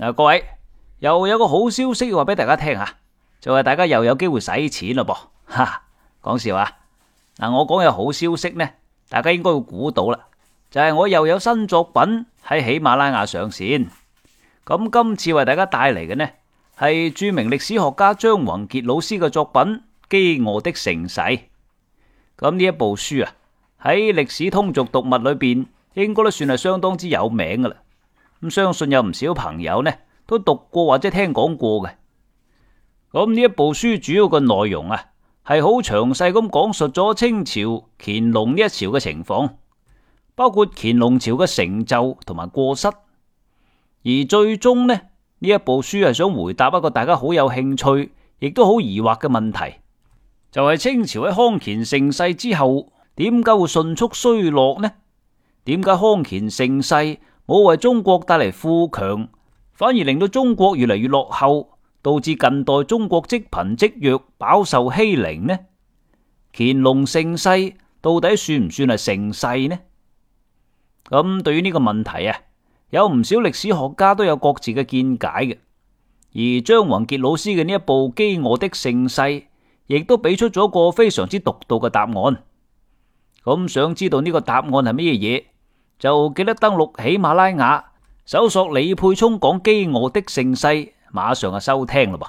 嗱，各位，又有個好消息要話俾大家聽吓，就係大家又有機會使錢嘞噃，哈，哈，講笑啊！嗱，我講嘅好消息呢，大家應該會估到啦，就係我又有新作品喺喜馬拉雅上線。咁今次為大家帶嚟嘅呢，係著名歷史學家張宏杰老師嘅作品《飢餓的盛世》。咁呢一部書啊，喺歷史通俗讀物裏邊，應該都算係相當之有名噶啦。咁相信有唔少朋友呢都讀過或者聽講過嘅。咁呢一部書主要嘅內容啊，係好詳細咁講述咗清朝乾隆呢一朝嘅情況，包括乾隆朝嘅成就同埋過失。而最終呢，呢一部書係想回答一個大家好有興趣，亦都好疑惑嘅問題，就係清朝喺康乾盛世之後，點解會迅速衰落呢？點解康乾盛世？我為中國帶嚟富強，反而令到中國越嚟越落後，導致近代中國積貧積弱，飽受欺凌呢？乾隆盛世到底算唔算係盛世呢？咁對於呢個問題啊，有唔少歷史學家都有各自嘅見解嘅，而張宏傑老師嘅呢一部《飢餓的盛世》亦都俾出咗一個非常之獨到嘅答案。咁想知道呢個答案係乜嘢？就記得登錄喜馬拉雅，搜索李沛聰講《饑餓的盛世》，馬上就收聽咯噃。